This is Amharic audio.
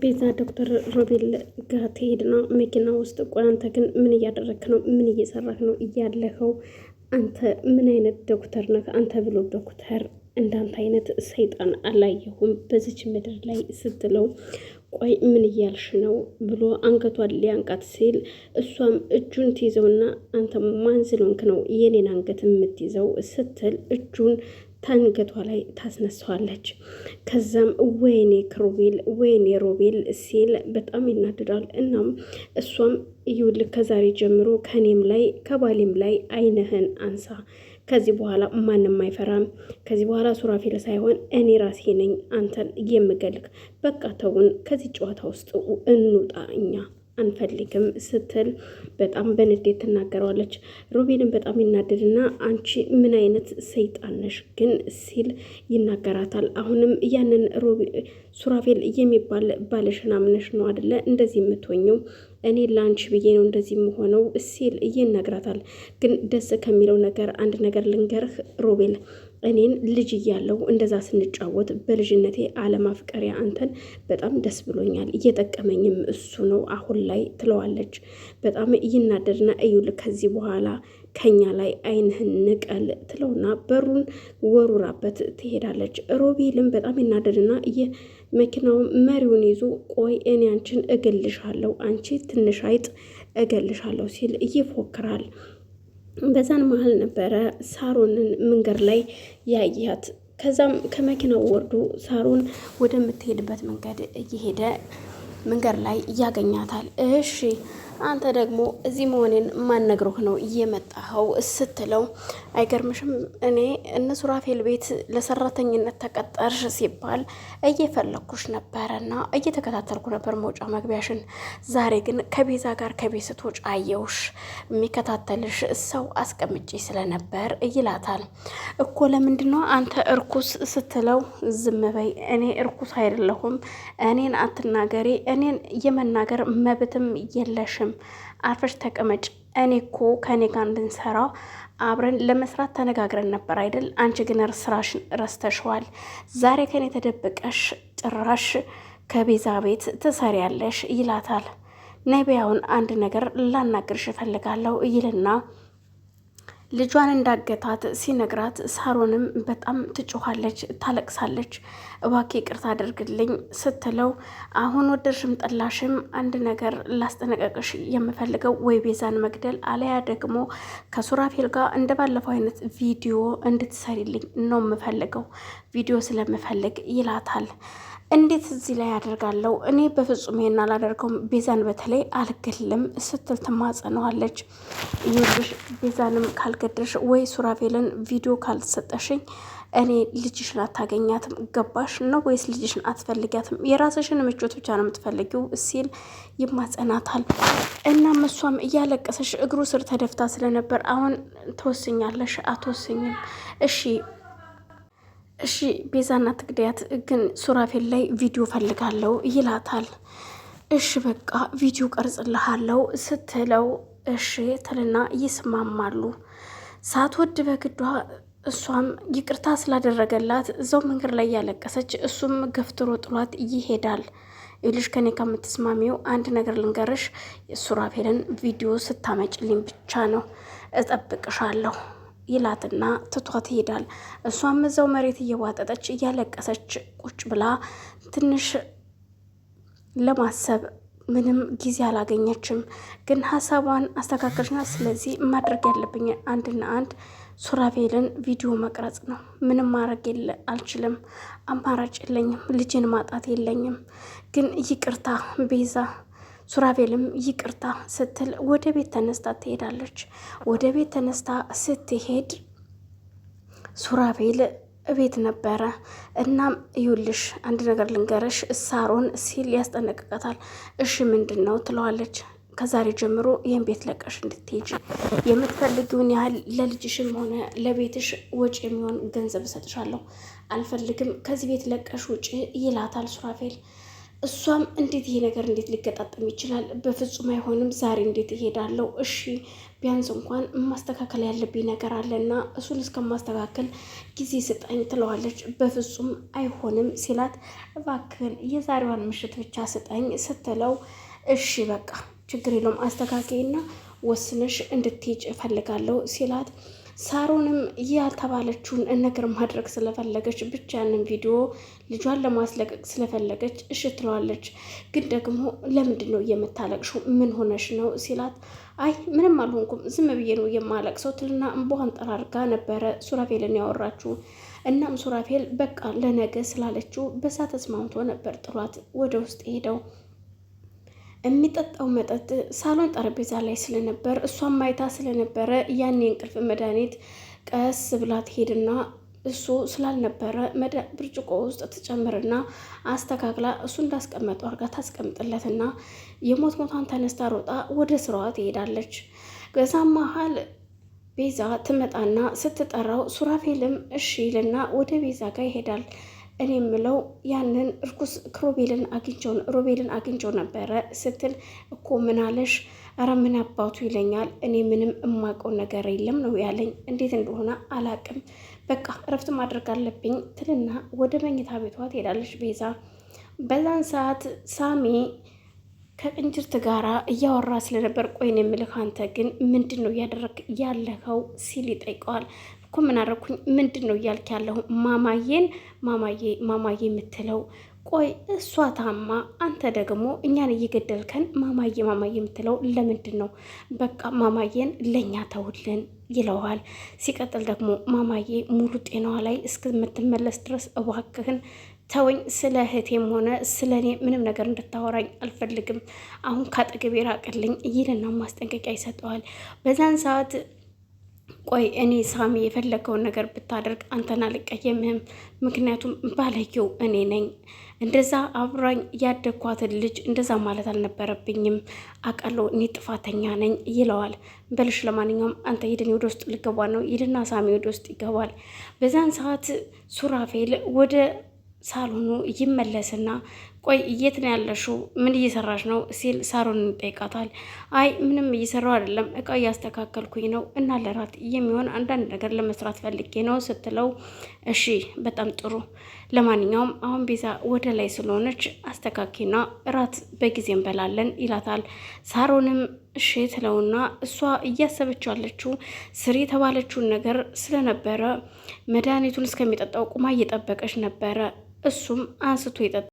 ቤዛ ዶክተር ሮቤል ጋር ነው መኪና ውስጥ ቆይ፣ አንተ ግን ምን እያደረግክ ነው? ምን እየሰራክ ነው እያለኸው? አንተ ምን አይነት ዶክተር ነህ አንተ? ብሎ ዶክተር እንዳንተ አይነት ሰይጣን አላየሁም በዚች ምድር ላይ ስትለው ቆይ ምን እያልሽ ነው ብሎ አንገቷን ሊያንቃት ሲል እሷም እጁን ትይዘውና አንተ ማን ስለሆንክ ነው የኔን አንገት የምትይዘው ስትል እጁን ታንገቷ ላይ ታስነሳዋለች። ከዛም ወይኔ ክሩቤል ወይኔ ሮቤል ሲል በጣም ይናድዳል። እናም እሷም ይውል ከዛሬ ጀምሮ ከኔም ላይ ከባሌም ላይ አይንህን አንሳ ከዚህ በኋላ ማንም አይፈራም። ከዚህ በኋላ ሱራፌል ሳይሆን እኔ ራሴ ነኝ አንተን የምገልክ። በቃ ተውን፣ ከዚህ ጨዋታ ውስጥ እንውጣ እኛ አንፈልግም ስትል በጣም በንዴት ትናገረዋለች። ሮቤልን በጣም ይናደድና አንቺ ምን አይነት ሰይጣን ነሽ ግን ሲል ይናገራታል። አሁንም ያንን ሱራፌል የሚባል ባለሽን አምነሽ ነው አደለ እንደዚህ የምትሆኘው እኔ ለአንቺ ብዬ ነው እንደዚህ መሆነው ሲል ይነግራታል። ግን ደስ ከሚለው ነገር አንድ ነገር ልንገርህ ሮቤል እኔን ልጅ እያለው እንደዛ ስንጫወት በልጅነቴ አለማፍቀሪያ አንተን በጣም ደስ ብሎኛል፣ እየጠቀመኝም እሱ ነው አሁን ላይ ትለዋለች። በጣም ይናደድና እዩል ከዚህ በኋላ ከኛ ላይ አይንህን ንቀል ትለውና በሩን ወሩራበት ትሄዳለች። ሮቢልም በጣም ይናደድና መኪናውን መሪውን ይዞ ቆይ እኔ አንቺን እገልሻለሁ፣ አንቺ ትንሽ አይጥ እገልሻለሁ ሲል ይፎክራል። በዛን መሀል ነበረ ሳሮንን መንገድ ላይ ያያት። ከዛም ከመኪናው ወርዶ ሳሮን ወደምትሄድበት መንገድ እየሄደ መንገድ ላይ ያገኛታል። እሺ አንተ ደግሞ እዚህ መሆኔን ማነግሮህ ነው እየመጣኸው? ስትለው አይገርምሽም? እኔ እነ ሱራፌል ቤት ለሰራተኝነት ተቀጠርሽ ሲባል እየፈለግኩሽ ነበረና እየተከታተልኩ ነበር መውጫ መግቢያሽን። ዛሬ ግን ከቤዛ ጋር ከቤት ስትወጪ አየሁሽ። የሚከታተልሽ ሰው አስቀምጪ ስለነበር ይላታል እኮ። ለምንድን ነው አንተ እርኩስ ስትለው፣ ዝም በይ እኔ እርኩስ አይደለሁም። እኔን አትናገሪ። እኔን የመናገር መብትም የለሽም አልችልም፣ አርፈሽ ተቀመጭ። እኔ እኮ ከእኔ ጋር እንድንሰራ አብረን ለመስራት ተነጋግረን ነበር አይደል? አንቺ ግን ስራሽን ረስተሸዋል። ዛሬ ከኔ ተደብቀሽ ጭራሽ ከቤዛ ቤት ትሰሪያለሽ ይላታል። ነቢያውን አንድ ነገር ላናግርሽ እፈልጋለሁ ይልና ልጇን እንዳገታት ሲነግራት ሳሮንም በጣም ትጮኋለች ታለቅሳለች። እባክህ ይቅርታ አድርግልኝ ስትለው አሁን ወደርሽም ጠላሽም አንድ ነገር ላስጠነቀቅሽ የምፈልገው ወይ ቤዛን መግደል አለያ ደግሞ ከሱራፌል ጋር እንደ ባለፈው አይነት ቪዲዮ እንድትሰሪልኝ ነው የምፈልገው ቪዲዮ ስለምፈልግ ይላታል። እንዴት እዚህ ላይ አደርጋለሁ እኔ በፍጹም ይሄን አላደርገውም። ቤዛን በተለይ አልገልም ስትል ትማጸነዋለች። ይኸውልሽ ቤዛንም ካልገደልሽ ወይ ሱራፌልን ቪዲዮ ካልሰጠሽኝ እኔ ልጅሽን አታገኛትም። ገባሽ ነው ወይስ ልጅሽን አትፈልጊያትም? የራስሽን ምቾት ብቻ ነው የምትፈልጊው ሲል ይማጸናታል። እናም እሷም እያለቀሰሽ እግሩ ስር ተደፍታ ስለነበር አሁን ትወስኛለሽ አትወስኝም? እሺ እሺ ቤዛና ትግዳያት ግን ሱራፌል ላይ ቪዲዮ ፈልጋለሁ ይላታል። እሺ በቃ ቪዲዮ ቀርጽልሃለሁ ስትለው እሺ ትልና ይስማማሉ። ሳትወድ በግዷ እሷም ይቅርታ ስላደረገላት እዛው መንገድ ላይ ያለቀሰች፣ እሱም ገፍትሮ ጥሏት ይሄዳል። ይልሽ ከኔ ከምትስማሚው አንድ ነገር ልንገርሽ፣ ሱራፌልን ቪዲዮ ስታመጭልኝ ብቻ ነው እጠብቅሻለሁ ይላትና ትቷት ይሄዳል። እሷም እዛው መሬት እየዋጠጠች እያለቀሰች ቁጭ ብላ ትንሽ ለማሰብ ምንም ጊዜ አላገኘችም። ግን ሀሳቧን አስተካከልና ስለዚህ ማድረግ ያለብኝ አንድና አንድ ሱራፌልን ቪዲዮ መቅረጽ ነው። ምንም ማድረግ አልችልም። አማራጭ የለኝም። ልጅን ማጣት የለኝም። ግን ይቅርታ ቤዛ ሱራፌልም ይቅርታ ስትል ወደ ቤት ተነስታ ትሄዳለች። ወደ ቤት ተነስታ ስትሄድ ሱራፌል ቤት ነበረ። እናም ይውልሽ አንድ ነገር ልንገረሽ ሳሮን ሲል ያስጠነቅቃታል። እሺ ምንድን ነው ትለዋለች። ከዛሬ ጀምሮ ይህን ቤት ለቀሽ እንድትሄጂ የምትፈልጊውን ያህል ለልጅሽም ሆነ ለቤትሽ ወጪ የሚሆን ገንዘብ እሰጥሻለሁ። አልፈልግም፣ ከዚህ ቤት ለቀሽ ውጪ ይላታል ሱራፌል። እሷም እንዴት ይሄ ነገር እንዴት ሊገጣጠም ይችላል? በፍጹም አይሆንም። ዛሬ እንዴት እሄዳለሁ? እሺ ቢያንስ እንኳን ማስተካከል ያለብኝ ነገር አለና እሱን እስከማስተካከል ጊዜ ስጠኝ ትለዋለች። በፍጹም አይሆንም ሲላት፣ እባክህን የዛሬዋን ምሽት ብቻ ስጠኝ ስትለው፣ እሺ በቃ ችግር የለውም አስተካከይና ወስነሽ እንድትሄጅ እፈልጋለሁ ሲላት ሳሮንም ያልተባለችውን ነገር ማድረግ ስለፈለገች ብቻ ያንን ቪዲዮ ልጇን ለማስለቀቅ ስለፈለገች እሽ ትለዋለች። ግን ደግሞ ለምንድን ነው የምታለቅሽው? ምን ሆነሽ ነው ሲላት አይ ምንም አልሆንኩም ዝም ብዬ ነው የማለቅሰው ትልና እንቧን ጠራርጋ ነበረ ሱራፌልን ያወራችው። እናም ሱራፌል በቃ ለነገ ስላለችው በዛ ተስማምቶ ነበር ጥሏት ወደ ውስጥ ሄደው የሚጠጣው መጠጥ ሳሎን ጠረጴዛ ላይ ስለነበር እሷም ማይታ ስለነበረ ያን የእንቅልፍ መድኃኒት ቀስ ብላ ትሄድና እሱ ስላልነበረ ብርጭቆ ውስጥ ትጨምርና አስተካክላ እሱ እንዳስቀመጠው አድርጋ ታስቀምጥለትና የሞት ሞቷን ተነስታ ሮጣ ወደ ስራዋ ትሄዳለች። ከዛ መሀል ቤዛ ትመጣና ስትጠራው ሱራፌልም እሺ ይልና ወደ ቤዛ ጋር ይሄዳል። እኔ የምለው ያንን እርኩስ ሮቤልን አግኝቸው ሮቤልን አግኝቸው ነበረ ስትል እኮ ምናለሽ? አረ ምን አባቱ ይለኛል። እኔ ምንም እማውቀው ነገር የለም ነው ያለኝ። እንዴት እንደሆነ አላቅም። በቃ እረፍት ማድረግ አለብኝ ትልና ወደ መኝታ ቤቷ ትሄዳለች ቤዛ። በዛን ሰዓት ሳሚ ከቅንጅርት ጋራ እያወራ ስለነበር ቆይን የምልህ አንተ ግን ምንድን ነው እያደረግ ያለኸው ሲል ይጠይቀዋል። እኮ ምን አደረኩኝ? ምንድን ነው እያልክ ያለሁ? ማማዬን ማማዬ ማማዬ የምትለው ቆይ እሷ ታማ፣ አንተ ደግሞ እኛን እየገደልከን ማማዬ ማማዬ የምትለው ለምንድን ነው? በቃ ማማዬን ለእኛ ተውልን ይለዋል። ሲቀጥል ደግሞ ማማዬ ሙሉ ጤናዋ ላይ እስከምትመለስ ድረስ እባክህን ተወኝ። ስለ እህቴም ሆነ ስለ እኔ ምንም ነገር እንድታወራኝ አልፈልግም። አሁን ከአጠገቤ ራቅልኝ ይልና ማስጠንቀቂያ ይሰጠዋል። በዛን ሰዓት ቆይ እኔ ሳሚ የፈለገውን ነገር ብታደርግ አንተን አልቀየምህም፣ ምክንያቱም ባለየው እኔ ነኝ። እንደዛ አብራኝ ያደግኳትን ልጅ እንደዛ ማለት አልነበረብኝም። አውቃለሁ እኔ ጥፋተኛ ነኝ ይለዋል። በልሽ ለማንኛውም አንተ ሂድን፣ ወደ ውስጥ ልገባ ነው ሂድና ሳሚ ወደ ውስጥ ይገባል። በዛን ሰዓት ሱራፌል ወደ ሳሎኑ ይመለስና ቆይ እየት ነው ያለሽው? ምን እየሰራሽ ነው? ሲል ሳሮን ይጠይቃታል። አይ ምንም እየሰራው አይደለም እቃ እያስተካከልኩኝ ነው እና ለራት የሚሆን አንዳንድ ነገር ለመስራት ፈልጌ ነው ስትለው፣ እሺ በጣም ጥሩ ለማንኛውም አሁን ቤዛ ወደ ላይ ስለሆነች አስተካኪና እራት በጊዜ እንበላለን ይላታል። ሳሮንም እሺ ትለውና እሷ እያሰበች ያለችው ስር የተባለችውን ነገር ስለነበረ መድኃኒቱን እስከሚጠጣው ቁማ እየጠበቀች ነበረ። እሱም አንስቶ ይጠጣል።